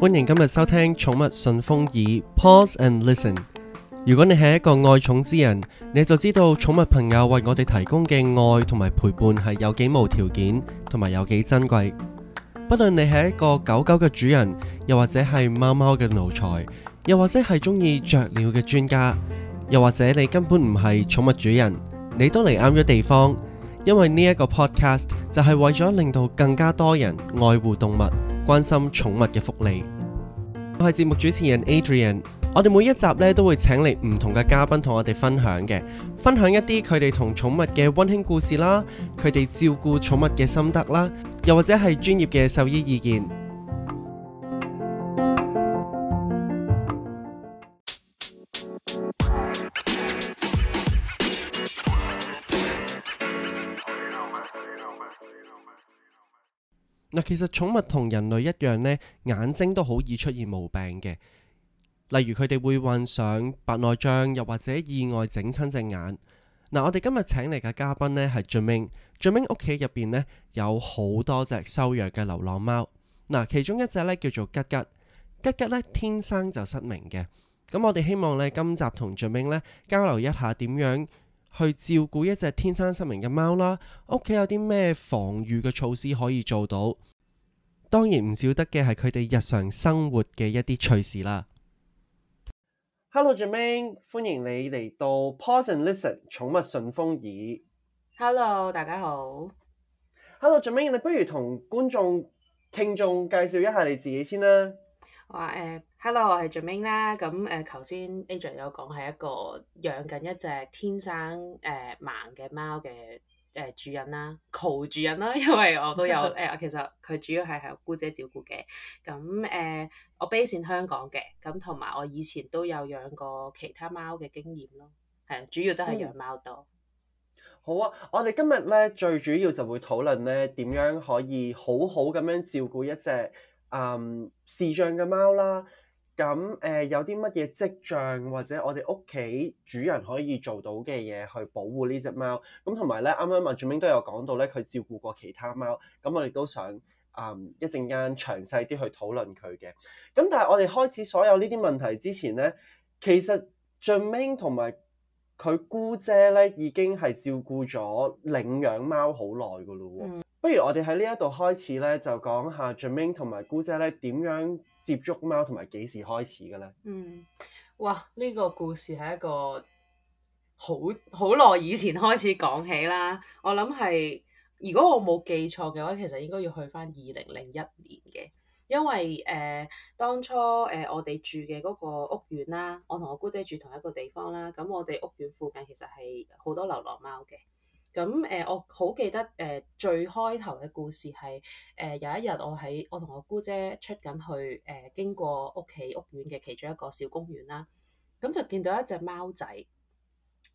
歡迎今日收聽寵物順風耳，Paws and Listen。如果你係一個愛寵之人，你就知道寵物朋友為我哋提供嘅愛同埋陪伴係有幾無條件，同埋有幾珍貴。不論你係一個狗狗嘅主人，又或者係貓貓嘅奴才，又或者係中意雀鳥嘅專家，又或者你根本唔係寵物主人，你都嚟啱咗地方。因為呢一個 podcast 就係為咗令到更加多人愛護動物、關心寵物嘅福利。我係節目主持人 Adrian，我哋每一集咧都會請嚟唔同嘅嘉賓同我哋分享嘅，分享一啲佢哋同寵物嘅溫馨故事啦，佢哋照顧寵物嘅心得啦，又或者係專業嘅獸醫意見。嗱，其實寵物同人類一樣呢，眼睛都好易出現毛病嘅。例如佢哋會患上白內障，又或者意外整親隻眼。嗱、啊，我哋今日請嚟嘅嘉賓呢，係 Jamain，Jamain 屋企入邊呢，有好多隻收養嘅流浪貓。嗱、啊，其中一隻呢叫做吉吉，吉吉咧天生就失明嘅。咁我哋希望呢今集同 Jamain 咧交流一下點樣，去照顧一隻天生失明嘅貓啦，屋企有啲咩防禦嘅措施可以做到？當然唔少得嘅係佢哋日常生活嘅一啲趣事啦。Hello，Jamain，歡迎你嚟到 Paws and Listen 寵物順風耳。Hello，大家好。Hello，Jamain，你不如同觀眾聽眾介紹一下你自己先啦。Oh, uh, Hello, 我 h e、erm、l l o 我係 Jamain 啦。咁誒，頭先 Adrian 有講係一個養緊一隻天生誒、uh, 盲嘅貓嘅誒主人啦 co 主人啦。因為我都有誒， 其實佢主要係係姑姐照顧嘅。咁誒，uh, 我 base 喺香港嘅。咁同埋我以前都有養過其他貓嘅經驗咯。係啊，主要都係養貓多、嗯。好啊，我哋今日咧最主要就會討論咧點樣可以好好咁樣照顧一隻。嗯，視障嘅貓啦，咁、誒、呃、有啲乜嘢跡象，或者我哋屋企主人可以做到嘅嘢去保護呢隻貓，咁同埋呢，啱啱阿俊明都有講到呢佢照顧過其他貓，咁我亦都想嗯一陣間詳細啲去討論佢嘅。咁但係我哋開始所有呢啲問題之前呢，其實俊明同埋佢姑姐呢已經係照顧咗領養貓好耐噶咯喎。嗯不如我哋喺呢一度開始咧，就講下 Jamain 同埋姑姐咧點樣接觸貓同埋幾時開始嘅咧？嗯，哇！呢、呢個故事係一個好好耐以前開始講起啦。我諗係如果我冇記錯嘅話，其實應該要去翻二零零一年嘅，因為誒、呃、當初誒、呃、我哋住嘅嗰個屋苑啦，我同我姑姐住同一個地方啦。咁我哋屋苑附近其實係好多流浪貓嘅。咁誒、呃，我好記得誒、呃、最開頭嘅故事係誒、呃、有一日我喺我同我姑姐出緊去誒、呃、經過屋企屋苑嘅其中一個小公園啦，咁、嗯、就見到一隻貓仔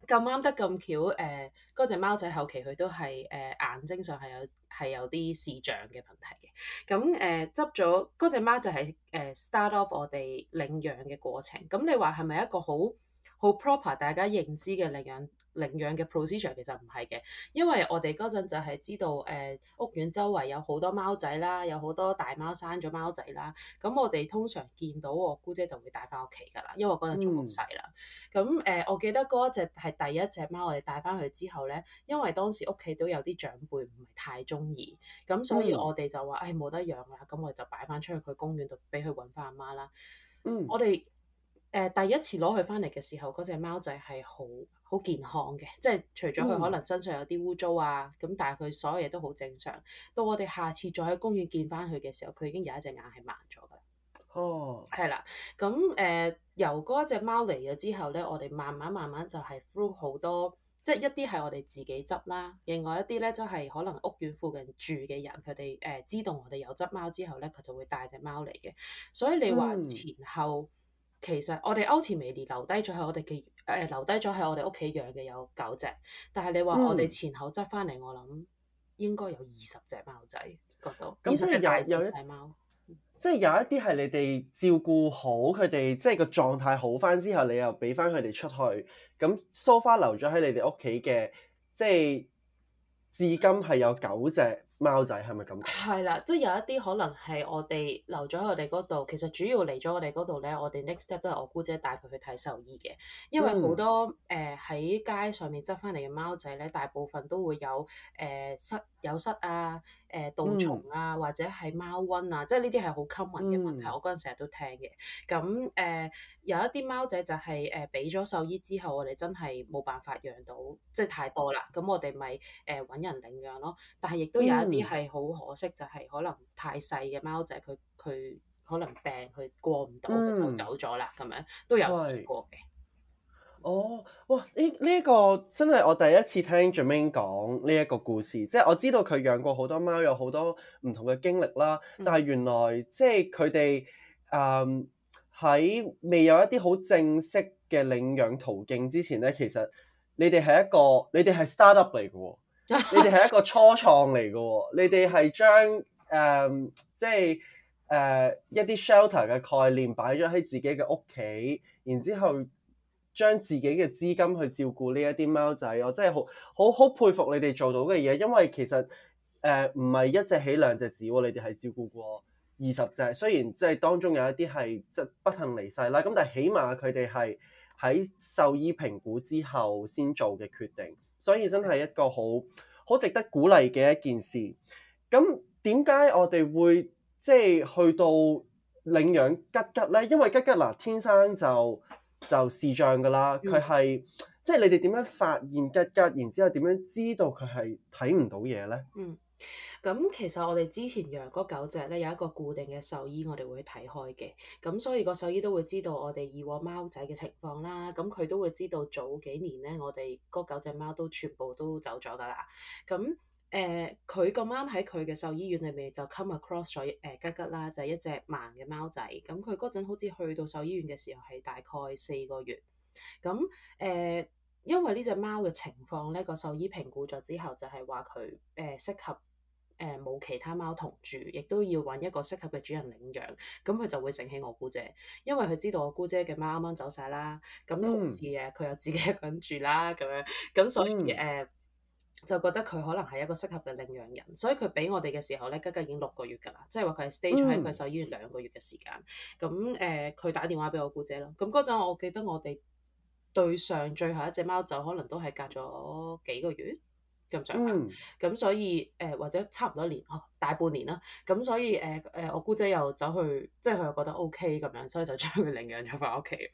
咁啱得咁巧誒嗰、呃、隻貓仔後期佢都係誒、呃、眼睛上係有係有啲視障嘅問題嘅。咁誒執咗嗰隻貓就係誒 start off 我哋領養嘅過程，咁、嗯、你話係咪一個好好 proper 大家認知嘅領養？領養嘅 procedure 其實唔係嘅，因為我哋嗰陣就係知道誒、呃、屋苑周圍有好多貓仔啦，有好多大貓生咗貓仔啦。咁我哋通常見到我姑姐就會帶翻屋企㗎啦，因為我嗰陣仲好細啦。咁誒、嗯呃，我記得嗰一隻係第一隻貓，我哋帶翻去之後呢，因為當時屋企都有啲長輩唔係太中意，咁所以我哋就話誒冇得養啦，咁我哋就擺翻出去佢公園度俾佢揾翻阿媽啦。嗯、我哋、呃、第一次攞佢翻嚟嘅時候，嗰隻貓仔係好。好健康嘅，即係除咗佢可能身上有啲污糟啊，咁、嗯、但係佢所有嘢都好正常。到我哋下次再喺公園見翻佢嘅時候，佢已經有一隻眼係盲咗㗎。哦，係啦，咁誒、呃、由嗰一隻貓嚟咗之後呢，我哋慢慢慢慢就係 f u 好多，即係一啲係我哋自己執啦，另外一啲呢就係、是、可能屋苑附近住嘅人，佢哋誒知道我哋有執貓之後呢，佢就會帶隻貓嚟嘅。所以你話前後。嗯其實我哋 ultimately 留低咗喺我哋嘅、誒留低咗喺我哋屋企養嘅有九隻，但係你話我哋前後執翻嚟，我諗應該有二十隻貓仔。度、嗯。咁所以有有，就是、有一隻貓，即係有一啲係你哋照顧好佢哋，即係、就是、個狀態好翻之後，你又俾翻佢哋出去。咁 so far 留咗喺你哋屋企嘅，即、就、係、是、至今係有九隻。貓仔係咪咁？係啦，即係有一啲可能係我哋留咗喺我哋嗰度。其實主要嚟咗我哋嗰度咧，我哋 next step 都係我姑姐帶佢去睇獸醫嘅。因為好多誒喺、嗯呃、街上面執翻嚟嘅貓仔咧，大部分都會有誒失、呃、有失啊、誒、呃、盜蟲啊，或者係貓瘟啊，即係呢啲係好 common 嘅問題。嗯、我嗰陣成日都聽嘅。咁誒。呃有一啲貓仔就係誒俾咗獸醫之後，我哋真係冇辦法養到，即係太多啦。咁我哋咪誒揾人領養咯。但係亦都有一啲係好可惜，就係可能太細嘅貓仔，佢佢可能病，佢過唔到、嗯、就走咗啦。咁樣都有試過嘅。哦，哇！呢呢個真係我第一次聽 Jamain 講呢一個故事。即係我知道佢養過好多貓，有好多唔同嘅經歷啦。但係原來即係佢哋嗯。喺未有一啲好正式嘅領養途徑之前呢，其實你哋係一個，你哋係 startup 嚟嘅，你哋係一個初創嚟嘅，你哋係將誒、呃、即係誒、呃、一啲 shelter 嘅概念擺咗喺自己嘅屋企，然之後將自己嘅資金去照顧呢一啲貓仔，我真係好好好佩服你哋做到嘅嘢，因為其實誒唔係一隻起兩隻止，你哋係照顧過。二十隻，雖然即係當中有一啲係即不幸離世啦，咁但係起碼佢哋係喺獸醫評估之後先做嘅決定，所以真係一個好好值得鼓勵嘅一件事。咁點解我哋會即係、就是、去到領養吉吉呢？因為吉吉嗱天生就就視障㗎啦，佢係即係你哋點樣發現吉吉，然之後點樣知道佢係睇唔到嘢呢？嗯。咁其實我哋之前養嗰九隻咧，有一個固定嘅獸醫我，我哋會睇開嘅，咁所以個獸醫都會知道我哋以往貓仔嘅情況啦，咁佢都會知道早幾年咧，我哋嗰九隻貓都全部都走咗噶啦，咁誒佢咁啱喺佢嘅獸醫院裏面就 come across 咗誒、呃、吉吉啦，就係、是、一隻盲嘅貓仔，咁佢嗰陣好似去到獸醫院嘅時候係大概四個月，咁誒、呃、因為隻貓呢隻貓嘅情況咧，個獸醫評估咗之後就係話佢誒適合。誒，冇、呃、其他貓同住，亦都要揾一個適合嘅主人領養，咁佢就會醒起我姑姐，因為佢知道我姑姐嘅貓啱啱走晒啦，咁同時咧佢、嗯、又自己一個人住啦，咁樣，咁所以誒、嗯呃、就覺得佢可能係一個適合嘅領養人，所以佢俾我哋嘅時候呢，吉吉已經六個月噶啦，即係話佢係 stay 咗喺佢手醫院兩個月嘅時間，咁誒佢打電話俾我姑姐咯，咁嗰陣我記得我哋對上最後一隻貓就可能都係隔咗幾個月，咁上下，咁、嗯、所以誒、呃、或者差唔多年、哦，大半年啦，咁所以誒誒、呃呃，我姑姐又走去，即係佢又覺得 OK 咁樣，所以就將佢領養咗返屋企。OK、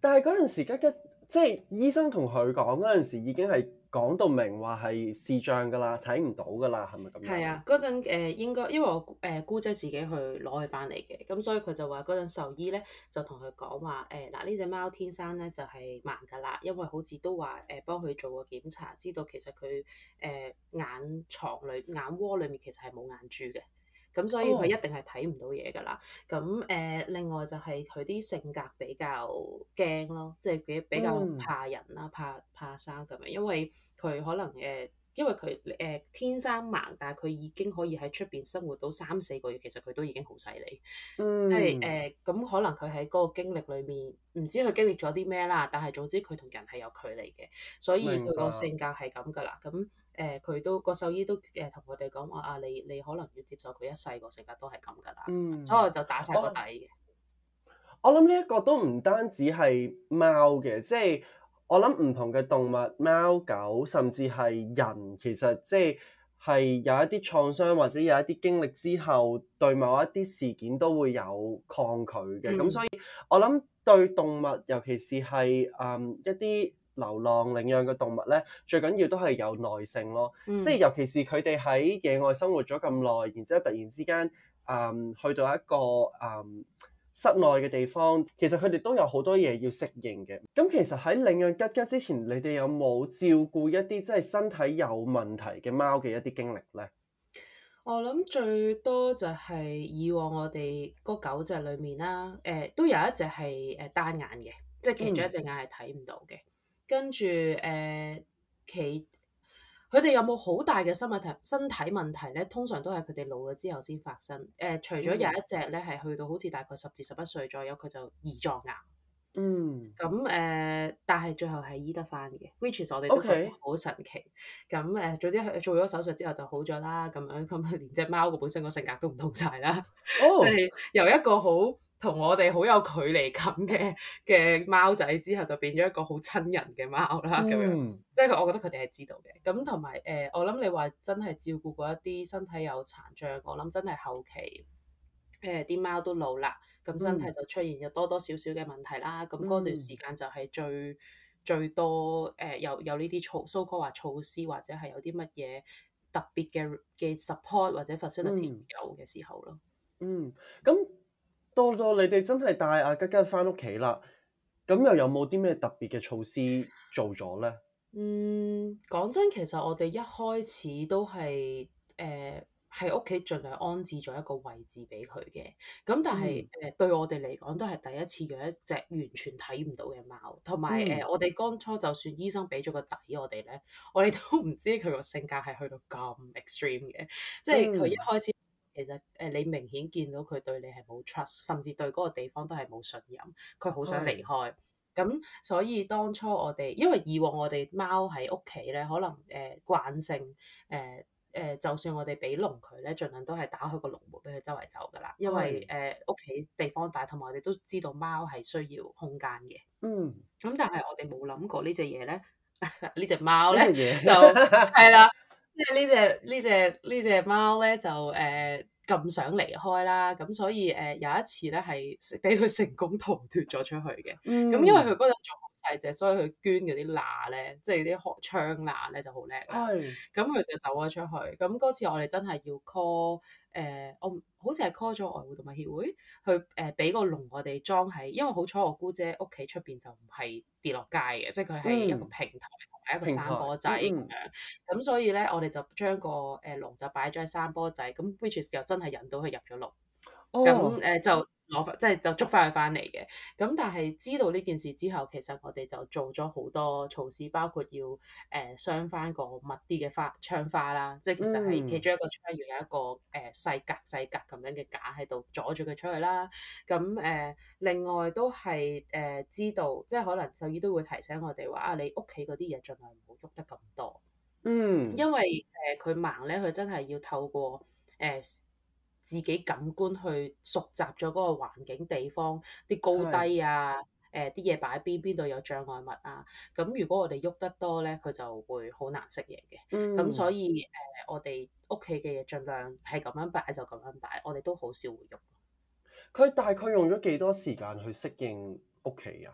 但係嗰陣時，吉吉即係醫生同佢講嗰陣時，已經係。講到明話係視障噶啦，睇唔到噶啦，係咪咁樣？係啊，嗰陣誒應該因為我誒姑、呃、姐自己去攞佢翻嚟嘅，咁所以佢就話嗰陣獸醫咧就同佢講話，誒嗱呢隻貓天生咧就係、是、盲噶啦，因為好似都話誒、呃、幫佢做過檢查，知道其實佢誒、呃、眼床裏眼窩裡面其實係冇眼珠嘅。咁所以佢一定係睇唔到嘢㗎喇，咁誒、oh. 呃、另外就係佢啲性格比較驚咯，即係比比較怕人啦、oh.，怕怕生咁樣，因為佢可能誒。因為佢誒、呃、天生盲，但係佢已經可以喺出邊生活到三四個月，其實佢都已經好犀利。嗯，即係誒咁，可能佢喺嗰個經歷裏面，唔知佢經歷咗啲咩啦。但係總之佢同人係有距離嘅，所以佢個性格係咁噶啦。咁誒，佢都個獸醫都誒同我哋講話啊，你你可能要接受佢一世個性格都係咁噶啦。嗯，所以我就打曬個底嘅。我諗呢一個都唔單止係貓嘅，即係。我諗唔同嘅動物、貓狗，甚至係人，其實即係有一啲創傷或者有一啲經歷之後，對某一啲事件都會有抗拒嘅。咁、嗯、所以，我諗對動物，尤其是係誒、嗯、一啲流浪領養嘅動物呢，最緊要都係有耐性咯。即係、嗯、尤其是佢哋喺野外生活咗咁耐，然之後突然之間、嗯、去到一個誒。嗯室內嘅地方，其實佢哋都有好多嘢要適應嘅。咁其實喺領養吉吉之前，你哋有冇照顧一啲即係身體有問題嘅貓嘅一啲經歷呢？我諗最多就係以往我哋嗰九隻裡面啦，誒、呃、都有一隻係誒單眼嘅，即係其中一隻眼係睇唔到嘅。嗯、跟住誒其佢哋有冇好大嘅生物體身體問題咧？通常都係佢哋老咗之後先發生。誒、呃，除咗有一隻咧係去到好似大概十至十一歲左右，佢就胰臟癌。嗯。咁誒、呃，但係最後係醫得翻嘅，which is 我哋都覺得好神奇。咁誒，總、呃、之做咗手術之後就好咗啦。咁樣咁連隻貓個本身個性格都唔同晒啦。哦。即係由一個好同我哋好有距離感嘅嘅貓仔，之後就變咗一個好親人嘅貓啦。咁樣，嗯、即係我覺得佢哋係知道嘅。咁同埋誒，我諗你話真係照顧過一啲身體有殘障，我諗真係後期誒啲、呃、貓都老啦，咁身體就出現咗多多少少嘅問題啦。咁嗰、嗯、段時間就係最、嗯、最多誒、呃，有有呢啲措疏嗰話措施，或者係有啲乜嘢特別嘅嘅 support 或者 facility 唔夠嘅時候咯。嗯，咁、嗯。多咗，你哋真係帶阿吉吉翻屋企啦，咁又有冇啲咩特別嘅措施做咗呢？嗯，講真，其實我哋一開始都係誒喺屋企盡量安置咗一個位置俾佢嘅，咁但係誒、嗯呃、對我哋嚟講都係第一次養一隻完全睇唔到嘅貓，同埋誒我哋剛初就算醫生俾咗個底我哋咧，我哋都唔知佢個性格係去到咁 extreme 嘅，即係佢一開始。其實誒，你明顯見到佢對你係冇 trust，甚至對嗰個地方都係冇信任，佢好想離開。咁是的 所以當初我哋，因為以往我哋貓喺屋企咧，可能誒慣性，誒、呃、誒、呃，就算我哋俾籠佢咧，盡量都係打開個籠門俾佢周圍走噶啦。因為誒屋企地方大，同埋我哋都知道貓係需要空間嘅。嗯。咁但係我哋冇諗過呢隻嘢咧，呢隻貓咧就係啦。 即係呢隻呢隻呢隻貓咧就誒咁、呃、想離開啦，咁所以誒、呃、有一次咧係俾佢成功逃脫咗出去嘅。咁、mm. 因為佢嗰陣仲好細隻，所以佢捐嗰啲罅咧，即係啲殼窗罅咧就好叻。咁佢、mm. 就走咗出去。咁嗰次我哋真係要 call 誒、呃，我好似係 call 咗愛護動物協會去誒，俾、呃、個籠我哋裝喺，因為好彩我姑姐屋企出邊就唔係跌落街嘅，mm. 即係佢係一個平台。一個山坡仔咁台樣，咁、嗯、所以咧，我哋就將個誒籠就擺咗喺山坡仔，咁 which is 又真係引到佢入咗籠，咁誒、哦、就。攞即係就捉翻佢翻嚟嘅，咁但係知道呢件事之後，其實我哋就做咗好多措施，包括要誒鑲翻個密啲嘅花窗花啦，即係其實係其中一個窗要有一個誒、呃、細格細格咁樣嘅架喺度阻住佢出去啦。咁誒、呃、另外都係誒、呃、知道，即係可能獸醫都會提醒我哋話啊，你屋企嗰啲嘢盡量唔好喐得咁多。嗯，因為誒佢、呃、盲咧，佢真係要透過誒。呃自己感官去熟習咗嗰個環境地方啲高低啊，誒啲嘢擺喺邊，邊度、呃、有障礙物啊。咁如果我哋喐得多咧，佢就會好難適應嘅。咁、嗯、所以誒、呃，我哋屋企嘅嘢盡量係咁樣擺就咁樣擺，我哋都好少會喐。佢大概用咗幾多時間去適應屋企啊？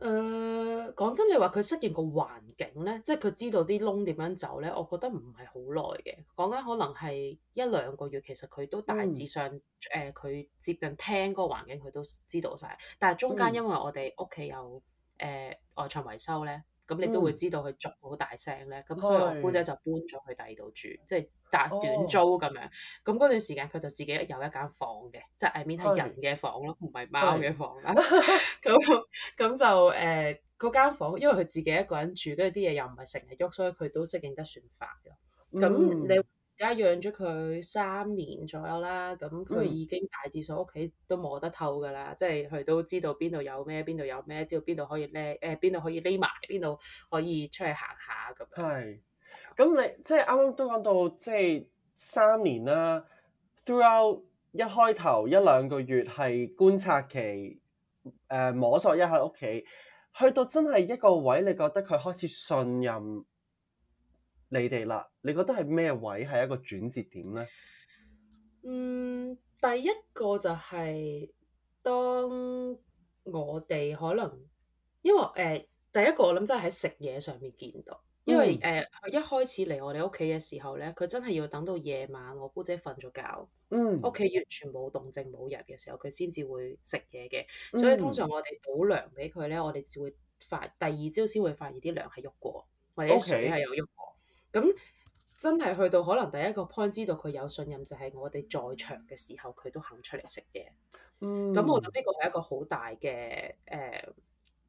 誒講、uh, 真，你話佢適應個環境呢？即係佢知道啲窿點樣走呢？我覺得唔係好耐嘅。講緊可能係一兩個月，其實佢都大致上誒佢、嗯呃、接近聽嗰個環境，佢都知道晒。但係中間因為我哋屋企有誒、嗯呃、外牆維修呢。咁、嗯、你都會知道佢嘈好大聲咧，咁、嗯、所以我姑姐就搬咗去第二度住，是即係搭短租咁樣。咁嗰、哦、段時間佢就自己有一間房嘅，是即係面係人嘅房咯，唔係是貓嘅房啦。咁咁是 就誒嗰、呃、間房，因為佢自己一個人住，跟住啲嘢又唔係成日喐，所以佢都適應得算快嘅。咁你、嗯。嗯而家養咗佢三年左右啦，咁佢已經大致上屋企都摸得透㗎啦，嗯、即係佢都知道邊度有咩，邊度有咩，知道邊度可以咧，誒邊度可以匿埋，邊度可以出去行下咁。係，咁你即係啱啱都講到即係、就是、三年啦 ，throughout 一開頭一兩個月係觀察期，誒、呃、摸索一下屋企，去到真係一個位，你覺得佢開始信任你哋啦，你覺得係咩位係一個轉折點咧？嗯，第一個就係當我哋可能，因為誒、呃、第一個我諗真係喺食嘢上面見到，因為誒、呃、一開始嚟我哋屋企嘅時候咧，佢真係要等到夜晚我姑姐瞓咗覺，嗯，屋企完全冇動靜冇人嘅時候，佢先至會食嘢嘅。所以通常我哋補糧俾佢咧，嗯、我哋只會發第二朝先會發現啲糧係喐過，或者水係有喐過。嗯嗯咁真係去到可能第一個 point，知道佢有信任，就係我哋在場嘅時候，佢都肯出嚟食嘢。嗯，咁我諗呢個係一個好大嘅誒、呃，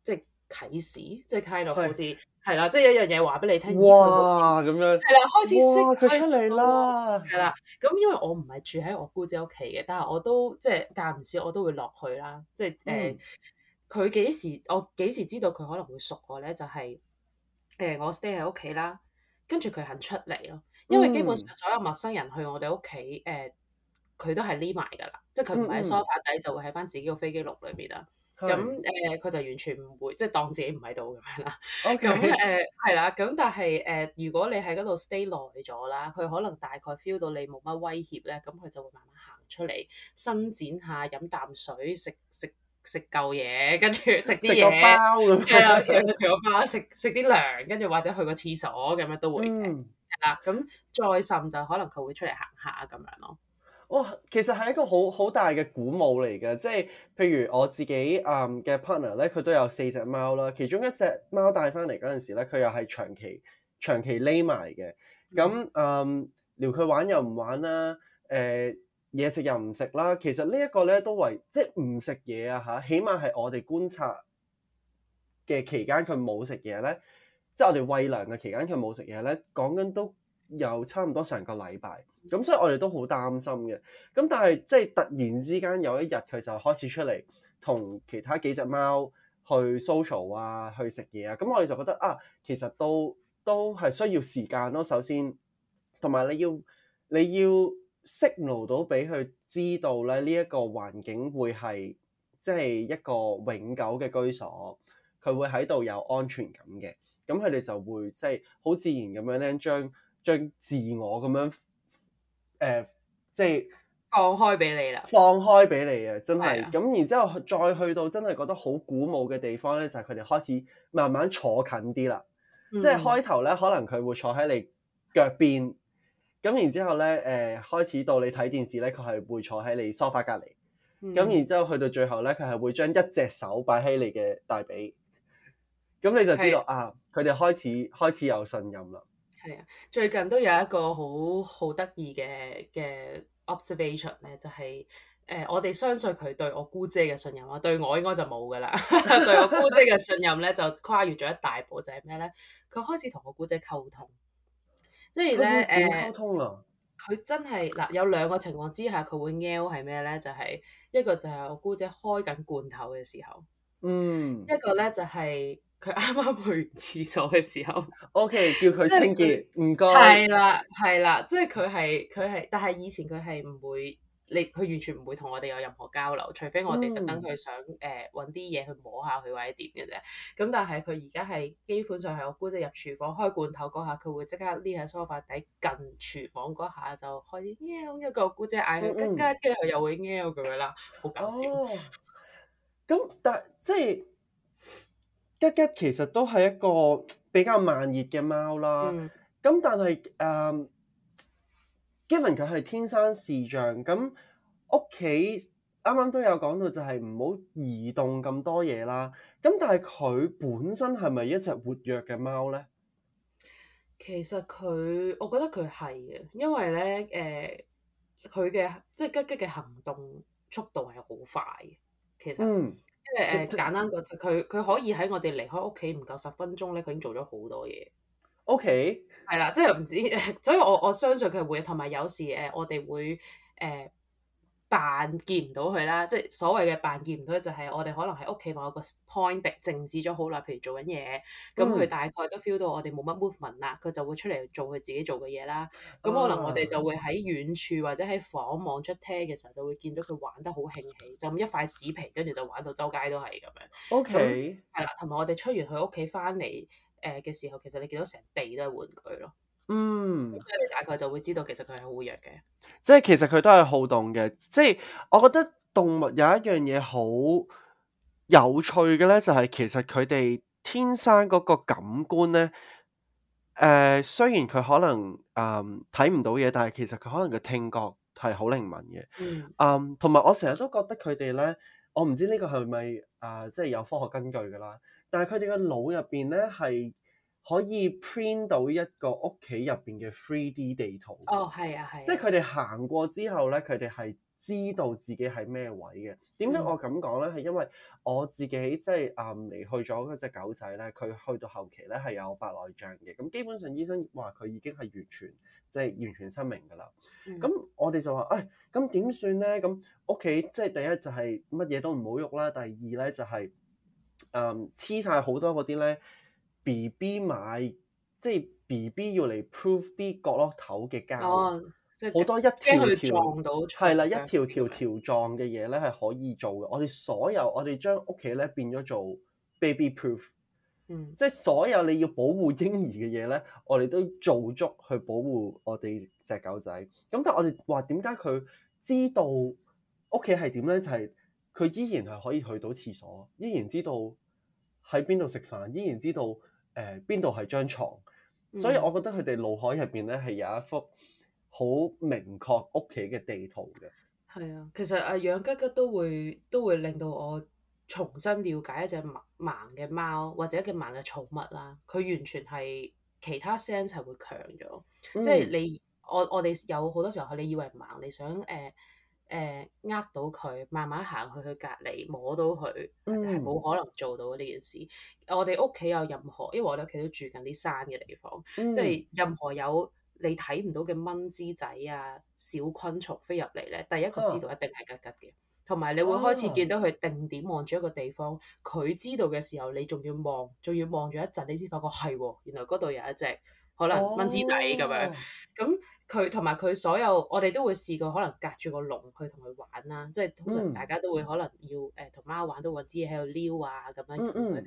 即係啟示，即係 kind of，好似係啦。即係有一樣嘢話俾你聽，哇咁嘩樣，係啦，開始識佢出嚟啦。係啦，咁因為我唔係住喺我姑姐屋企嘅，但係我都即係間唔時我都會落去啦。即係誒，佢幾、嗯呃、時我幾時知道佢可能會熟我咧？就係、是、誒、呃，我 stay 喺屋企啦。跟住佢肯出嚟咯，因為基本上所有陌生人去我哋屋企誒，佢、mm. 呃、都係匿埋噶啦，即係佢唔喺梳化底，mm. 就會喺翻自己個飛機籠裏邊啊。咁誒、mm. 嗯，佢、呃、就完全唔會即係當自己唔喺度咁樣啦。咁誒係啦。咁、呃、但係誒、呃，如果你喺嗰度 stay 耐咗啦，佢可能大概 feel 到你冇乜威脅咧，咁佢就會慢慢行出嚟伸展下、飲啖水、食食。食舊嘢，跟住食啲嘢，食個包咁樣，又個食個包，食食啲糧，跟住或者去個廁所咁樣都會嘅。係啦、嗯，咁、嗯、再甚就可能佢會出嚟行下咁樣咯。哦，其實係一個好好大嘅鼓舞嚟嘅，即係譬如我自己誒嘅 partner 咧，佢、um, 都有四隻貓啦，其中一隻貓帶翻嚟嗰陣時咧，佢又係長期長期匿埋嘅。咁誒、嗯，撩佢、um, 玩又唔玩啦，誒、呃。嘢食又唔食啦，其實呢一個呢都為即係唔食嘢啊嚇，起碼係我哋觀察嘅期間佢冇食嘢呢，即係、就是、我哋餵糧嘅期間佢冇食嘢呢，講緊都有差唔多成個禮拜，咁所以我哋都好擔心嘅。咁但係即係突然之間有一日佢就開始出嚟同其他幾隻貓去 social 啊，去食嘢啊，咁我哋就覺得啊，其實都都係需要時間咯、啊，首先同埋你要你要。你要 signal 到俾佢知道咧，呢一個環境會係即係一個永久嘅居所，佢會喺度有安全感嘅。咁佢哋就會即係好自然咁樣咧，將將自我咁樣誒，即、呃、係、就是、放開俾你啦。放開俾你啊！真係咁，的然之後再去到真係覺得好鼓舞嘅地方咧，就係佢哋開始慢慢坐近啲啦。即係開頭咧，可能佢會坐喺你腳邊。咁然之後咧，誒開始到你睇電視咧，佢係會坐喺你梳化隔離。咁、嗯、然之後去到最後咧，佢係會將一隻手擺喺你嘅大髀。咁你就知道是啊，佢哋開始開始有信任啦。係啊，最近都有一個好好得意嘅嘅 observation 咧，obs ervation, 就係、是、誒、呃、我哋相信佢對我姑姐嘅信任，我對我應該就冇㗎喇。 對我姑姐嘅信任咧，就跨越咗一大步，就係咩咧？佢開始同我姑姐溝通。即係咧，誒，佢、啊呃、真係嗱，有兩個情況之下佢會喵。係咩咧？就係、是、一個就係我姑姐開緊罐頭嘅時候，嗯，一個咧就係佢啱啱去廁所嘅時候。O、okay, K，叫佢清潔，唔該、就是。係啦煩，係啦，即係佢係佢係，但係以前佢係唔會。你佢完全唔會同我哋有任何交流，除非我哋特登佢想誒搵啲嘢去摸下佢或者點嘅啫。咁但係佢而家係基本上係我姑姐入廚房開罐頭嗰下，佢會即刻匿喺梳化底近廚房嗰下就開始喵，一個喵。因為我姑姐嗌佢吉吉，跟住又會喵咁樣啦，好搞笑。咁但係即係吉吉其實都係一個比較慢熱嘅貓啦。咁、嗯、但係誒。Um, Kevin 佢係天生視障，咁屋企啱啱都有講到，就係唔好移動咁多嘢啦。咁但係佢本身係咪一隻活躍嘅貓呢？其實佢，我覺得佢係嘅，因為呢，誒、呃，佢嘅即係吉吉嘅行動速度係好快嘅。其實，嗯，因為誒是簡單講，佢佢可以喺我哋離開屋企唔夠十分鐘呢，佢已經做咗好多嘢。O.K. 係啦，即係唔止，所以我我相信佢會同埋有，有時誒，我哋會誒扮見唔到佢啦。即係所謂嘅扮見唔到，就係我哋可能喺屋企某個 point 靜止咗好耐，譬如做緊嘢，咁佢大概都 feel 到我哋冇乜 movement 啦，佢就會出嚟做佢自己做嘅嘢啦。咁可能我哋就會喺遠處或者喺房望出廳嘅時候，就會見到佢玩得好興起，就咁一塊紙皮跟住就玩到周街都係咁樣。O.K. 係啦、嗯，同埋我哋出完佢屋企翻嚟。誒嘅時候，嗯、其實你見到成地都係玩具咯，嗯，所以你大概就會知道其實佢係好弱嘅，即係其實佢都係好動嘅，即係我覺得動物有一樣嘢好有趣嘅咧，就係其實佢哋天生嗰個感官咧，誒、呃，雖然佢可能誒睇唔到嘢，但係其實佢可能嘅聽覺係好靈敏嘅，嗯，同埋、嗯、我成日都覺得佢哋咧，我唔知呢個係咪誒，即係有科學根據噶啦。但係佢哋個腦入邊呢，係可以 print 到一個屋企入邊嘅 three D 地圖。哦，係啊，係、啊。即係佢哋行過之後呢，佢哋係知道自己係咩位嘅。點解我咁講呢？係、嗯、因為我自己即係啊離去咗嗰隻狗仔呢，佢去到後期呢，係有白內障嘅。咁基本上醫生話佢已經係完全即係、就是、完全失明㗎啦。咁、嗯、我哋就話唉，咁點算呢？咁屋企即係第一就係乜嘢都唔好喐啦。第二呢，就係、是。誒，黐晒好多嗰啲咧，B B 買即係 B B 要嚟 proof 啲角落頭嘅膠，即係好多一條條係啦，一條條條狀嘅嘢咧係可以做嘅。我哋所有我哋將屋企咧變咗做 baby proof，嗯，即係所有你要保護嬰兒嘅嘢咧，我哋都做足去保護我哋隻狗仔。咁但係我哋話點解佢知道屋企係點咧？就係、是。佢依然係可以去到廁所，依然知道喺邊度食飯，依然知道誒邊度係張床。所以我覺得佢哋腦海入邊咧係有一幅好明確屋企嘅地圖嘅。係啊、嗯，其實啊，養吉吉都會都會令到我重新了解一隻盲嘅貓或者一隻盲嘅寵物啦。佢完全係其他 sense 係會強咗，即係你我我哋有好多時候係你以為盲，你想誒。呃呃到佢，慢慢行去佢隔離，摸到佢但係冇可能做到呢件事。Mm. 我哋屋企有任何，因為我哋屋企都住緊啲山嘅地方，mm. 即係任何有你睇唔到嘅蚊子仔啊、小昆蟲飛入嚟呢。第一個知道一定係吉吉嘅，同埋、oh. 你會開始見到佢定點望住一個地方，佢、oh. 知道嘅時候，你仲要望，仲要望咗一陣，你先發覺係，原來嗰度有一隻。可能蚊子仔咁樣，咁佢同埋佢所有，我哋都會試過可能隔住個籠去同佢玩啦，即係通常大家都會可能要誒同、欸、貓玩都揾支嘢喺度撩啊咁樣。佢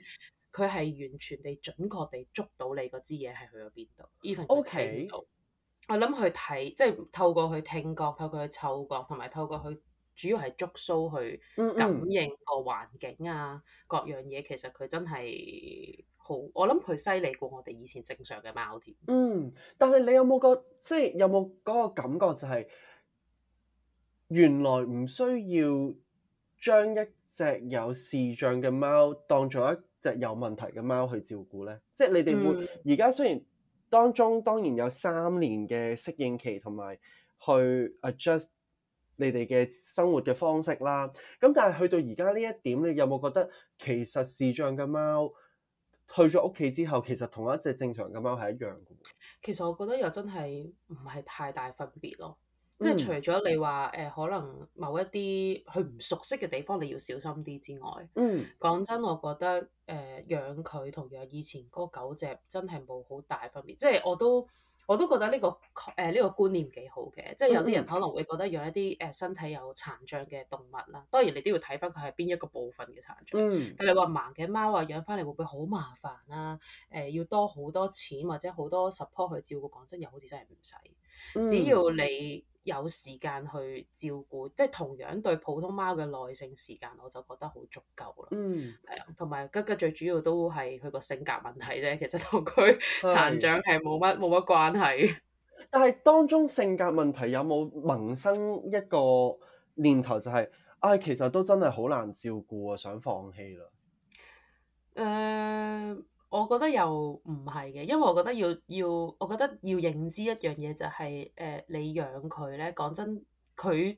佢係完全地準確地捉到你嗰支嘢係去咗邊度。Even OK，我諗佢睇即係透過佢聽覺、透過佢嗅覺，同埋透過佢主要係觸鬚去感應個環境啊各樣嘢，其實佢真係。好，我諗佢犀利過我哋以前正常嘅貓添。嗯，但係你有冇個即係有冇、就係、個感覺，就係原來唔需要將一隻有視障嘅貓當做一隻有問題嘅貓去照顧呢？即、就、係、是、你哋會而家、嗯、雖然當中當然有三年嘅適應期，同埋去 adjust 你哋嘅生活嘅方式啦。咁但係去到而家呢一點，你有冇覺得其實視障嘅貓？去咗屋企之後，其實同一隻正常嘅貓係一樣。其實我覺得又真係唔係太大分別咯，嗯、即係除咗你話誒、呃，可能某一啲佢唔熟悉嘅地方你要小心啲之外，嗯，講真，我覺得誒，養佢同養以前嗰九隻真係冇好大分別，即係我都。我都覺得呢、這個誒呢、呃這個觀念幾好嘅，即係有啲人可能會覺得養一啲誒身體有殘障嘅動物啦。當然你都要睇翻佢係邊一個部分嘅殘障。嗯、但你話盲嘅貓啊，養翻嚟會唔會好麻煩啊？誒要多好多錢或者好多 support 去照顧，講真又好似真係唔使。只要你有時間去照顧，嗯、即係同樣對普通貓嘅耐性時間，我就覺得好足夠啦。嗯，係啊、嗯，同埋吉吉最主要都係佢個性格問題啫。其實同佢殘障係冇乜冇乜關係。但係當中性格問題有冇萌生一個念頭、就係，就係唉，其實都真係好難照顧啊，想放棄啦？誒、呃、～我覺得又唔係嘅，因為我覺得要要，我覺得要認知一樣嘢就係、是、誒、呃，你養佢咧，講真，佢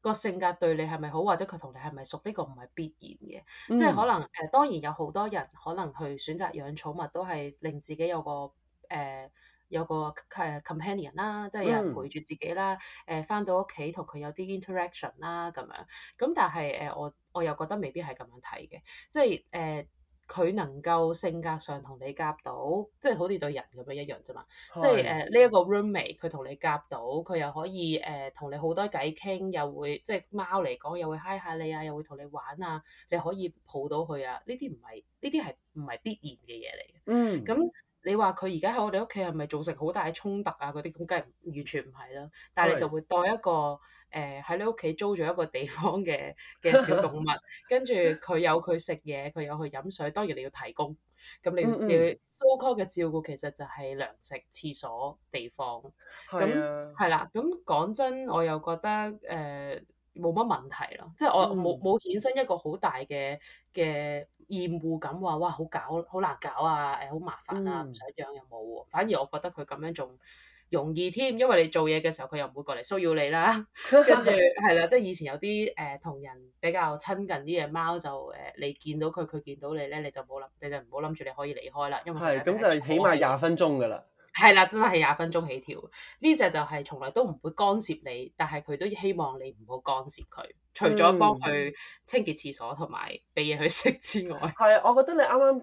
個性格對你係咪好，或者佢同你係咪熟，呢、這個唔係必然嘅，嗯、即係可能誒、呃。當然有好多人可能去選擇養寵物，都係令自己有個誒、呃、有個誒 companion 啦，即係有人陪住自己啦，誒返、嗯呃、到屋企同佢有啲 interaction 啦咁樣。咁但係誒、呃，我我又覺得未必係咁樣睇嘅，即係誒。呃佢能夠性格上同你夾到，即係好似對人咁樣一樣啫嘛。的即係誒呢一個 roommate，佢同你夾到，佢又可以誒同、呃、你好多偈傾，又會即係貓嚟講又會嗨下你啊，又會同你玩啊，你可以抱到佢啊。呢啲唔係呢啲係唔係必然嘅嘢嚟嘅。嗯，咁你話佢而家喺我哋屋企係咪造成好大嘅衝突啊？嗰啲咁梗係完全唔係啦。但係你就會當一個。的誒喺你屋企租咗一個地方嘅嘅小動物， 跟住佢有佢食嘢，佢有佢飲水，當然你要提供。咁你要要 so-call 嘅照顧其實就係糧食、廁 所樂、地方。 咁係啦，咁講、啊、真，我又覺得誒冇乜問題咯，即係 我冇冇衍生一個好大嘅嘅厭惡感話，哇好搞，好難搞啊！誒好麻煩啊，唔想養又冇喎。反而我覺得佢咁樣仲～容易添，因為你做嘢嘅時候，佢又唔會過嚟騷擾你啦。跟住係啦，即係以前有啲誒同人比較親近啲嘅貓就誒、呃，你見到佢，佢見到你咧，你就冇諗，你就唔好諗住你可以離開啦。因為係咁就係起碼廿分鐘㗎啦。係啦，真係廿分鐘起跳。呢隻就係從來都唔會干涉你，但係佢都希望你唔好干涉佢。除咗幫佢清潔廁所同埋俾嘢佢食之外，係我覺得你啱啱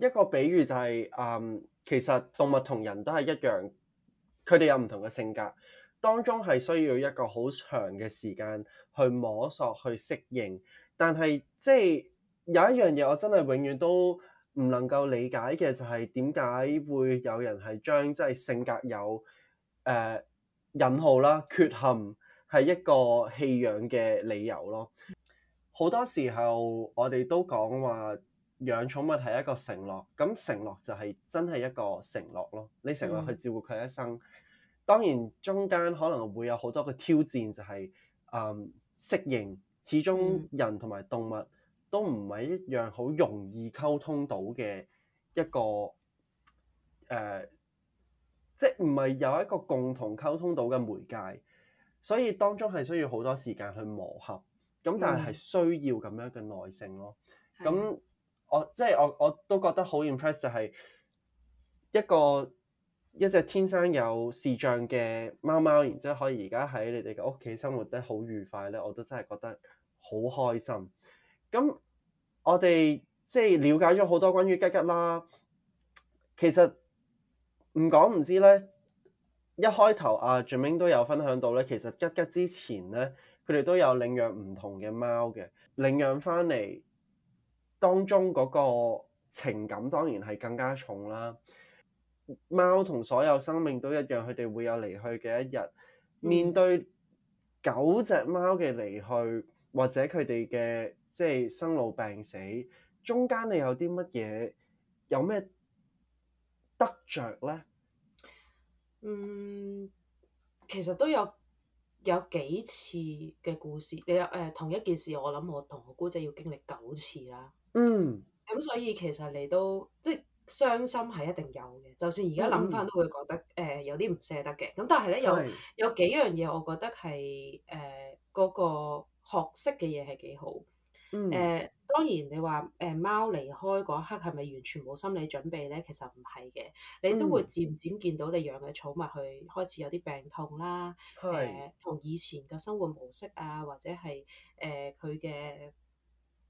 嘅一個比喻就係、是、誒，其實動物同人都係一樣。佢哋有唔同嘅性格，當中係需要一個好長嘅時間去摸索、去適應。但係即係有一樣嘢，我真係永遠都唔能夠理解嘅，就係點解會有人係將即係、就係、性格有誒、呃、引號啦、缺陷係一個棄養嘅理由咯。好多時候我哋都講話養寵物係一個承諾，咁承諾就係、係、真係一個承諾咯。你承諾去照顧佢一生。嗯。當然，中間可能會有好多個挑戰，就係誒適應。始終人同埋動物都唔係一樣好容易溝通到嘅一個誒、呃，即唔係有一個共同溝通到嘅媒介。所以當中係需要好多時間去磨合。咁但係係需要咁樣嘅耐性咯。咁我即係我我都覺得好 impress 就係一個。一隻天生有視像嘅貓貓，然之後可以而家喺你哋嘅屋企生活得好愉快呢，我都真係覺得好開心。咁我哋即係了解咗好多關於吉吉啦。其實唔講唔知呢，一開頭阿俊 u 都有分享到呢。其實吉吉之前呢，佢哋都有領養唔同嘅貓嘅領養翻嚟，當中嗰個情感當然係更加重啦。貓同所有生命都一樣，佢哋會有離去嘅一日。嗯，面對九隻貓嘅離去，或者佢哋嘅即係生老病死，中間你有啲乜嘢？有咩得着呢？嗯，其實都有有幾次嘅故事，你有誒，同一件事，我諗我同我姑姐要經歷九次啦。嗯，咁所以其實你都即傷心係一定有嘅，就算而家諗翻都會覺得誒、嗯呃、有啲唔捨得嘅。咁但係咧是有有幾樣嘢，我覺得係誒嗰個學識嘅嘢係幾好。誒、嗯呃、當然你話誒、呃、貓離開嗰刻係咪完全冇心理準備呢？其實唔係嘅，你都會漸漸見到你養嘅寵物去開始有啲病痛啦。係是，同、呃、以前嘅生活模式啊，或者係誒佢嘅。呃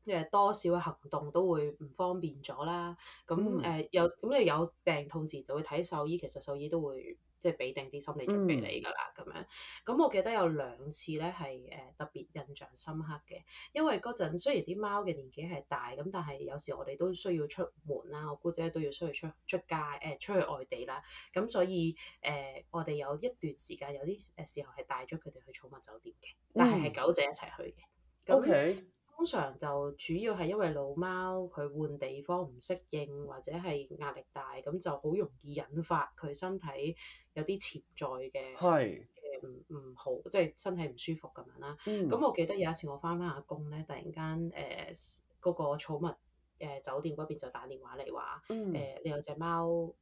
誒多少嘅行動都會唔方便咗啦。咁誒又咁你有病痛時就會睇獸醫，其實獸醫都會即係俾定啲心理準備你㗎啦。咁、嗯、樣咁我記得有兩次呢係誒特別印象深刻嘅，因為嗰陣雖然啲貓嘅年紀係大咁，但係有時我哋都需要出門啦。我姑姐都要需要出出街誒、呃、出去外地啦。咁所以誒、呃、我哋有一段時間有啲誒時候係帶咗佢哋去寵物酒店嘅，但係係狗仔一齊去嘅。O K、嗯。通常就主要係因為老貓佢換地方唔適應，或者係壓力大咁，就好容易引發佢身體有啲潛在嘅，誒唔唔好，即係身體唔舒服咁樣啦。咁我記得有一次我翻翻下工咧，突然間誒嗰個寵物誒酒店嗰邊就打電話嚟話誒你有隻貓誒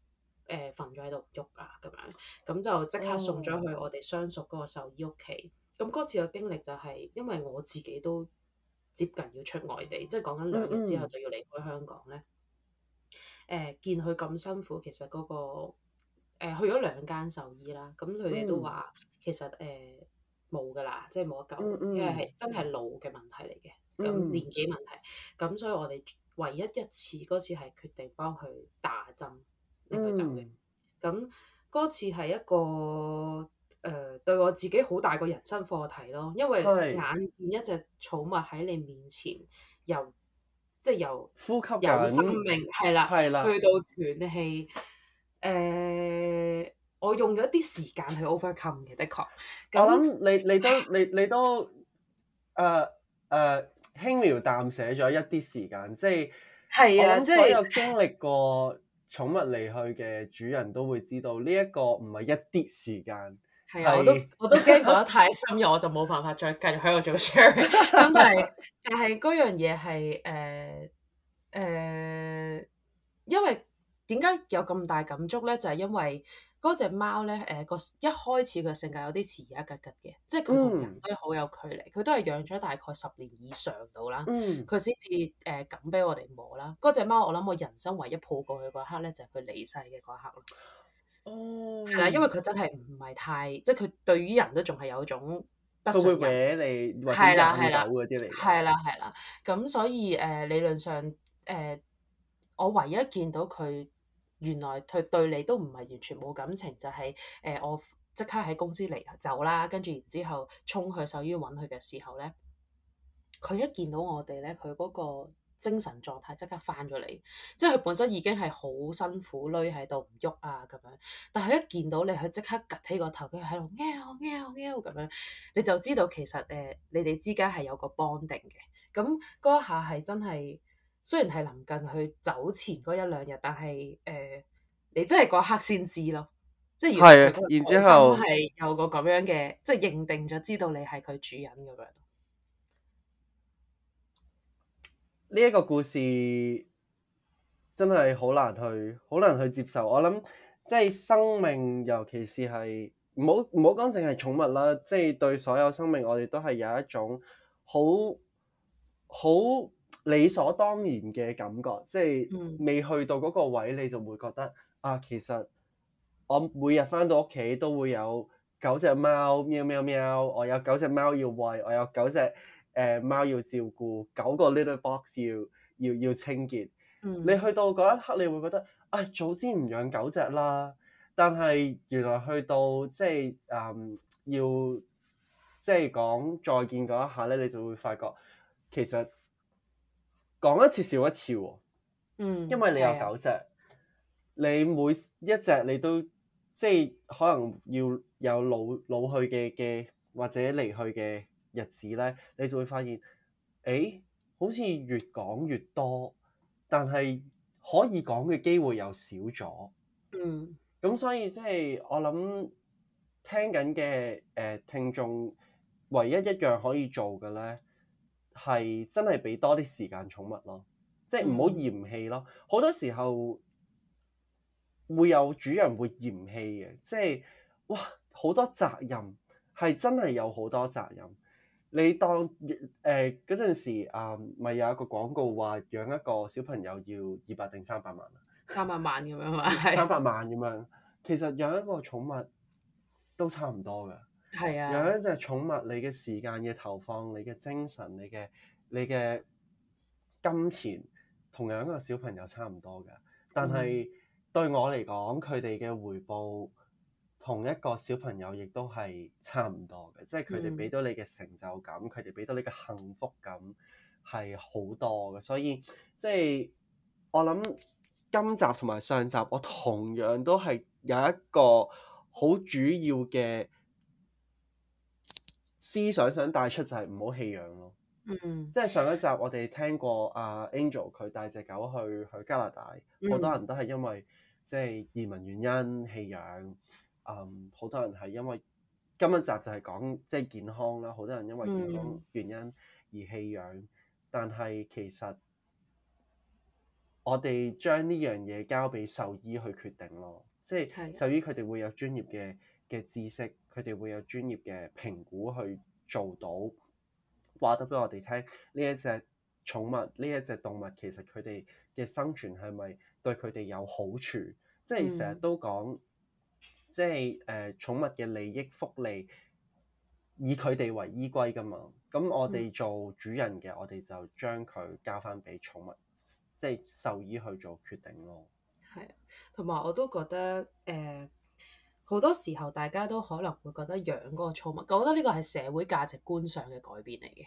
瞓咗喺度喐啊咁樣，咁就即刻送咗去我哋相熟嗰個獸醫屋企。咁嗰次嘅經歷就係因為我自己都。接近要出外地，即係講緊兩日之後就要離開香港咧。誒、嗯呃，見佢咁辛苦，其實嗰、嗰個、呃、去咗兩間獸醫啦，咁佢哋都話、嗯、其實誒冇㗎啦，即係冇得救，嗯嗯、因為係真係老嘅問題嚟嘅，咁、嗯、年紀問題。咁所以我哋唯一一次嗰次係決定幫佢打針，令佢、嗯、走嘅。咁嗰次係一個。誒、呃、對我自己好大個人生課題咯，因為眼見一隻寵物喺你面前，由即係由呼吸由生命係啦，係啦，了去到斷氣誒，我用咗一啲時間去 overcome 嘅，的確。我諗你你都你你都誒誒、 uh, uh, 輕描淡寫咗一啲時間，即係係啊，我即係所有經歷過寵物離去嘅主人都會知道呢一個唔係一啲時間。係啊，我都我都驚講得太深入，我就冇辦法再繼續喺度做 sharing。真係，但係嗰樣嘢係誒誒，因為點解有咁大感觸咧？就係、是、因為嗰隻貓咧，誒、呃、個一開始佢性格有啲遲而一吉吉嘅，即係佢同人都好有距離。佢都係養咗大概十年以上到啦，佢先至誒敢俾我哋摸啦。嗰隻貓我諗我人生唯一抱過去嗰一刻咧，就係佢離世嘅嗰一刻咯。哦，係啦，因為佢真係唔係太，即係佢對於人都仲係有一種不，都會搲你或者趕你走嗰啲嚟。係啦係啦，咁所以誒、呃、理論上誒、呃，我唯一見到佢原來佢對，對你都唔係完全冇感情，就係、是、誒、呃、我即刻喺公司嚟走啦，跟住然之後沖去獸醫揾佢嘅時候咧，佢一見到我哋咧，佢嗰、那個。精神狀態即刻翻咗嚟，即係佢本身已經係好辛苦攣喺度唔喐啊咁樣，但係一見到你，佢即刻趷起個頭，跟住喺度喵喵喵咁樣，你就知道其實誒、呃、你哋之間係有個 bonding 嘅，咁嗰下係真係雖然係臨近去走前嗰一兩日，但係誒、呃、你真係嗰刻先知咯，即係原來佢內心係有個咁樣嘅，即係認定咗知道你係佢主人咁樣。呢一個故事真係好難去，好難去接受。我諗即係生命，尤其是係唔好唔好講淨係寵物啦，即係對所有生命，我哋都係有一種好好理所當然嘅感覺。即係、嗯、未去到嗰個位，你就會覺得啊，其實我每日翻到屋企都會有九隻貓喵喵喵，我有九隻貓要餵，我有九隻。誒、欸、貓要照顧，九個 little box 要要要清潔。嗯、你去到嗰一刻，你會覺得啊、哎，早知唔養九隻啦。但係原來去到即係誒、嗯、要即係講再見嗰一下呢，你就會發覺其實講一次笑一次喎、哦。嗯、因為你有九隻，的你每一隻你都即係可能要有老老去嘅嘅，或者離去嘅。日子呢，你就會發現，誒，好似越講越多，但係可以講嘅機會又少咗。嗯，咁所以即係我諗聽緊嘅誒聽眾，唯一一樣可以做嘅呢，係真係俾多啲時間寵物咯，即係唔好嫌棄咯。好多時候會有主人會嫌棄嘅，即係哇，好多責任係真係有好多責任。你當誒嗰陣時啊，咪、嗯、有一個廣告話養一個小朋友要二百定三百萬三百萬咁樣嘛，三百萬咁樣。其實養一個寵物都差唔多噶，係啊。養一隻寵物，你嘅時間嘅投放，你嘅精神，你嘅你嘅金錢，同養一個小朋友差唔多噶。但係對我嚟講，佢哋嘅回報。同一個小朋友亦都係差唔多嘅，即係佢哋俾到你嘅成就感，佢哋俾到你嘅幸福感係好多嘅，所以即係我諗今集同埋上集，我同樣都係有一個好主要嘅思想想帶出，就係唔好棄養咯。嗯、即係上一集我哋聽過阿 Angel 佢帶隻狗去去加拿大，好、嗯、多人都係因為即係移民原因棄養。um, 好多人係因為今一集就係講即係健康啦，好多人因為健康原因而棄養，嗯、但係其實我哋將呢樣嘢交俾獸醫去決定咯，即係獸醫佢哋會有專業嘅嘅知識，佢哋會有專業嘅評估去做到話得俾我哋聽，呢一隻寵物，呢一隻動物其實佢哋嘅生存係咪對佢哋有好處？即係成日都講。嗯即係誒，寵物嘅利益福利以佢哋為依歸噶嘛？咁我哋做主人嘅，嗯、我哋就將佢交翻俾寵物，即係獸醫去做決定咯。係，同埋我都覺得誒，好多時候大家都可能會覺得養嗰個寵物，我覺得呢個係社會價值觀上嘅改變嚟嘅。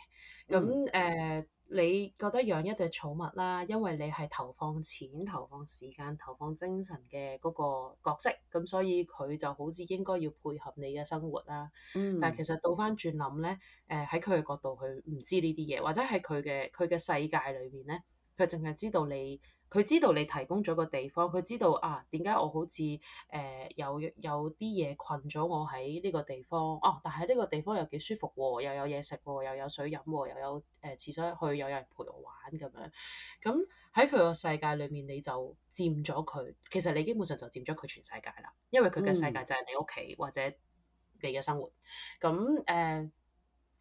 咁誒。嗯呃你覺得養一隻寵物啦，因為你係投放錢、投放時間、投放精神嘅嗰個角色，咁所以佢就好似應該要配合你嘅生活啦。嗯，但係其實倒翻轉諗呢，誒喺佢嘅角度，佢唔知呢啲嘢，或者喺佢嘅佢嘅世界裏面呢，佢淨係知道你。佢知道你提供咗個地方，佢知道啊，點解我好似誒、呃、有有啲嘢困咗我喺呢個地方哦、啊，但係呢個地方又幾舒服喎，又有嘢食喎，又有水飲喎，又有誒廁所去，又有人陪我玩咁樣。咁喺佢個世界裏面，你就佔咗佢，其實你基本上就佔咗佢全世界啦，因為佢嘅世界就係你屋企、嗯、或者你嘅生活。咁誒。呃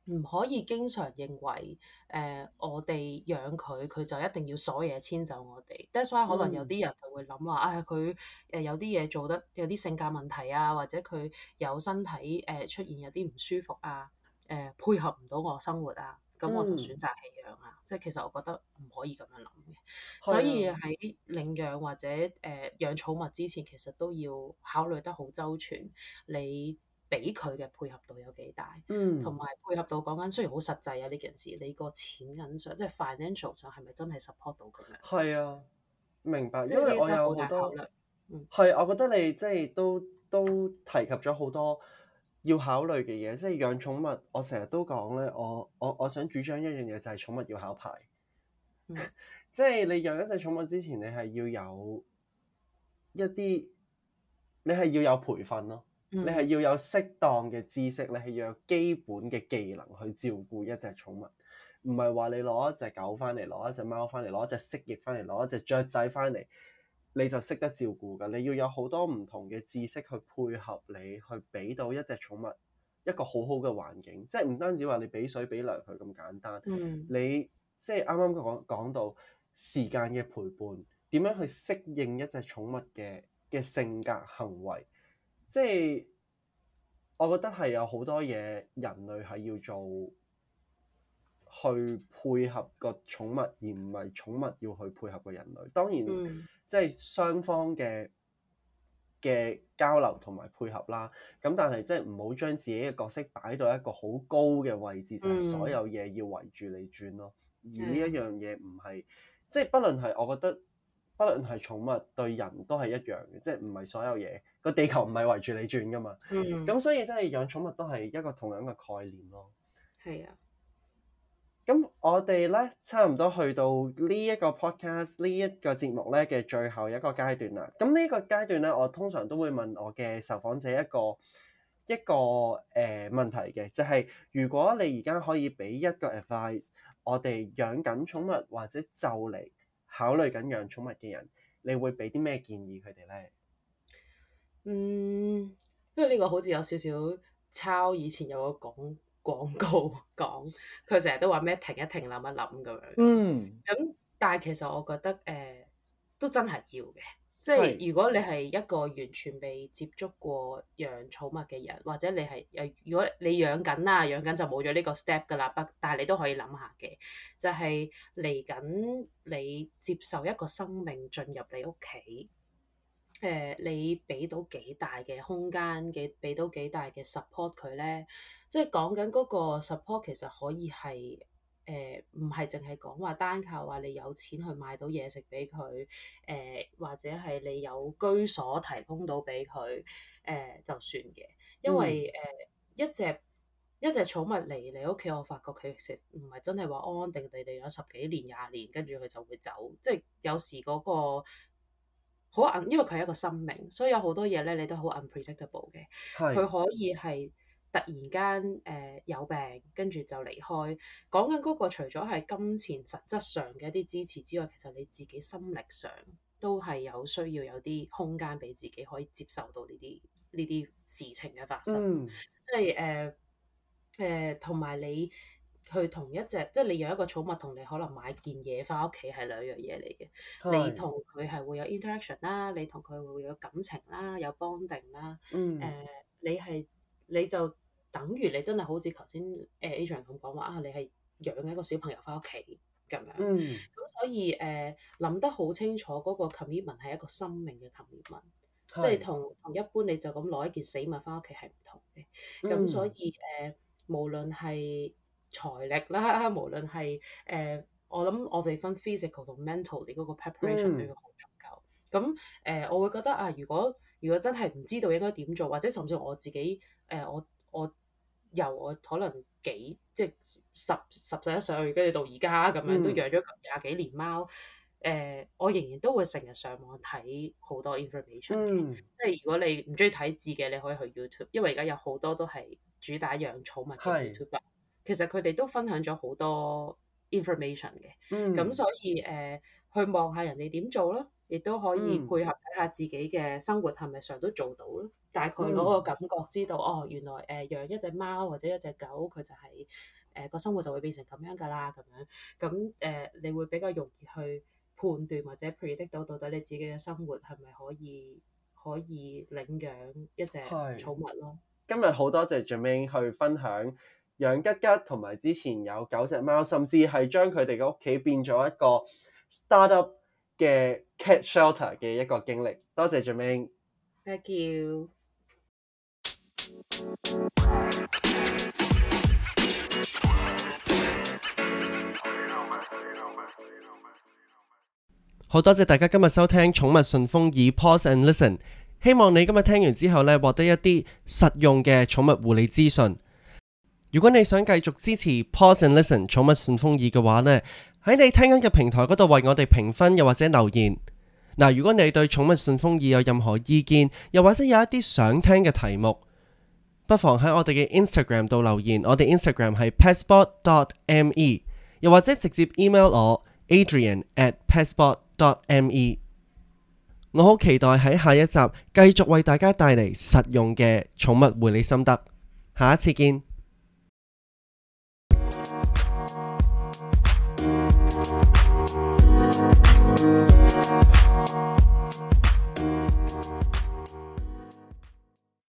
唔可以經常認為，誒、呃、我哋養佢，佢就一定要所有嘢遷就我哋。That's why，嗯、可能有啲人就會諗話，唉、啊，佢誒有啲嘢做得有啲性格問題啊，或者佢有身體誒、呃、出現有啲唔舒服啊，誒、呃、配合唔到我生活啊，咁我就選擇棄養啊。嗯、即係其實我覺得唔可以咁樣諗嘅。所以喺領養或者誒、呃、養寵物之前，其實都要考慮得好周全。你。俾佢嘅配合度有幾大，嗯，同埋配合度講緊，雖然好實際啊呢件事，你個錢銀上，即係 financial 上，係咪真係 support 到佢咧？係啊，明白，因為我有好多，考慮，係、嗯、我覺得你即係都都提及咗好多要考慮嘅嘢，即係養寵物，我成日都講咧，我我我想主張一樣嘢就係寵物要考牌，嗯、 即係你養一隻寵物之前，你係要有一啲，你係要，要有培訓咯。你係要有適當嘅知識，你係要有基本嘅技能去照顧一隻寵物，唔係話你攞一隻狗翻嚟，攞一隻貓翻嚟，攞一隻蜥蜴翻嚟，攞一隻雀仔翻嚟，你就識得照顧㗎。你要有好多唔同嘅知識去配合你，去俾到一隻寵物一個好好嘅環境，即係唔單止話你俾水俾糧佢咁簡單。嗯、你即係啱啱講講到時間嘅陪伴，點樣去適應一隻寵物嘅嘅性格行為。即係我覺得係有好多嘢人類係要做去配合個寵物，而唔係寵物要去配合個人類，當然，嗯、即係雙方嘅嘅交流同埋配合啦。咁但係即係唔好將自己嘅角色擺到一個好高嘅位置，嗯、就係所有嘢要圍住你轉咯。嗯、而呢一樣嘢唔係，即係不論係我覺得，不論係寵物對人都係一樣嘅，即係唔係所有嘢。個地球唔係圍住你轉噶嘛，咁、mm hmm. 所以真係養寵物都係一個同樣嘅概念咯。係啊、mm，咁、hmm. 我哋咧差唔多去到呢一個 podcast 呢一個節目咧嘅最後一個階段啦。咁呢個階段咧，我通常都會問我嘅受訪者一個一個誒、呃、問題嘅，就係、是、如果你而家可以俾一個 advice，我哋養緊寵物或者就嚟考慮緊養寵物嘅人，你會俾啲咩建議佢哋咧？嗯，因為呢個好似有少少抄以前有個廣廣告講佢成日都話咩停一停諗一諗咁樣。嗯，咁但係其實我覺得誒、呃、都真係要嘅，即係是如果你係一個完全未接觸過養寵物嘅人，或者你係誒如果你養緊啦，養緊就冇咗呢個 step 噶啦，不，但係你都可以諗下嘅，就係嚟緊你接受一個生命進入你屋企。誒，你俾到幾大嘅空間嘅，俾到幾大嘅 support 佢呢？即係講緊嗰個 support，其實可以係誒，唔係淨係講話單靠話你有錢去買到嘢食俾佢誒，或者係你有居所提供到俾佢誒就算嘅，因為誒、嗯呃、一隻一隻寵物嚟你屋企，我發覺佢食唔係真係話安安定定地養十幾年廿年，跟住佢就會走，即係有時嗰個。好，因為佢係一個生命，所以有好多嘢咧，你都好 unpredictable 嘅。佢是可以係突然間誒、呃、有病，跟住就離開。講緊嗰、嗰個除咗係金錢實質上嘅一啲支持之外，其實你自己心力上都係有需要有啲空間俾自己可以接受到呢啲呢啲事情嘅發生。嗯、即係誒誒，同、呃、埋、呃、你。去同一隻，即係你養一個寵物，同你可能買件嘢翻屋企係兩樣嘢嚟嘅。是你同佢係會有 interaction 啦，你同佢會有感情啦，有 bonding 啦。誒、呃，你係你就等於你真係好似頭先誒 Adrian 咁講話啊，你係養一個小朋友翻屋企咁樣。咁、嗯、所以誒，諗、呃、得好清楚，嗰、那個 commitment 係一個生命嘅 commitment，是即係同一般你就咁攞一件死物翻屋企係唔同嘅。咁、嗯、所以誒、呃，無論係。財力啦，無論係誒、呃，我諗我哋分 physical 同 mental，你嗰個 preparation、嗯、都要好足夠。咁誒、呃，我會覺得啊，如果如果真係唔知道應該點做，或者甚至我自己誒、呃，我我由我可能幾即係十十十一歲，跟住到而家咁樣都養咗廿幾年貓，誒、呃，我仍然都會成日上網睇好多 information 嘅、嗯。即係如果你唔中意睇字嘅，你可以去 YouTube，因為而家有好多都係主打養寵物嘅 YouTube。其實佢哋都分享咗好多 information 嘅，咁、嗯、所以誒、呃、去望下人哋點做咯，亦都可以配合睇下自己嘅生活係咪常都做到咯。大概攞個感覺知道、嗯、哦，原來誒、呃、養一隻貓或者一隻狗，佢就係誒個生活就會變成咁樣㗎喇。咁樣咁誒、呃，你會比較容易去判斷或者 predict 到到底你自己嘅生活係咪可以可以領養一隻寵物咯。今日好多謝 Jamain 去分享。養吉吉同埋之前有九隻貓，甚至係將佢哋嘅屋企變咗一個 start up 嘅 cat shelter 嘅一個經歷。多謝 j a m Thank you 好。好多謝大家今日收聽寵物順風耳 Pause and Listen，希望你今日聽完之後咧，獲得一啲實用嘅寵物護理資訊。如果你想繼續支持 Paws and Listen 寵物順風耳嘅話呢，喺你聽緊嘅平台嗰度為我哋評分，又或者留言嗱。如果你對寵物順風耳有任何意見，又或者有一啲想聽嘅題目，不妨喺我哋嘅 Instagram 度留言。我哋 Instagram 係 petspot.me，又或者直接 email 我 Adrian at petspot.me。Pass me 我好期待喺下一集繼續為大家帶嚟實用嘅寵物護理心得。下一次見。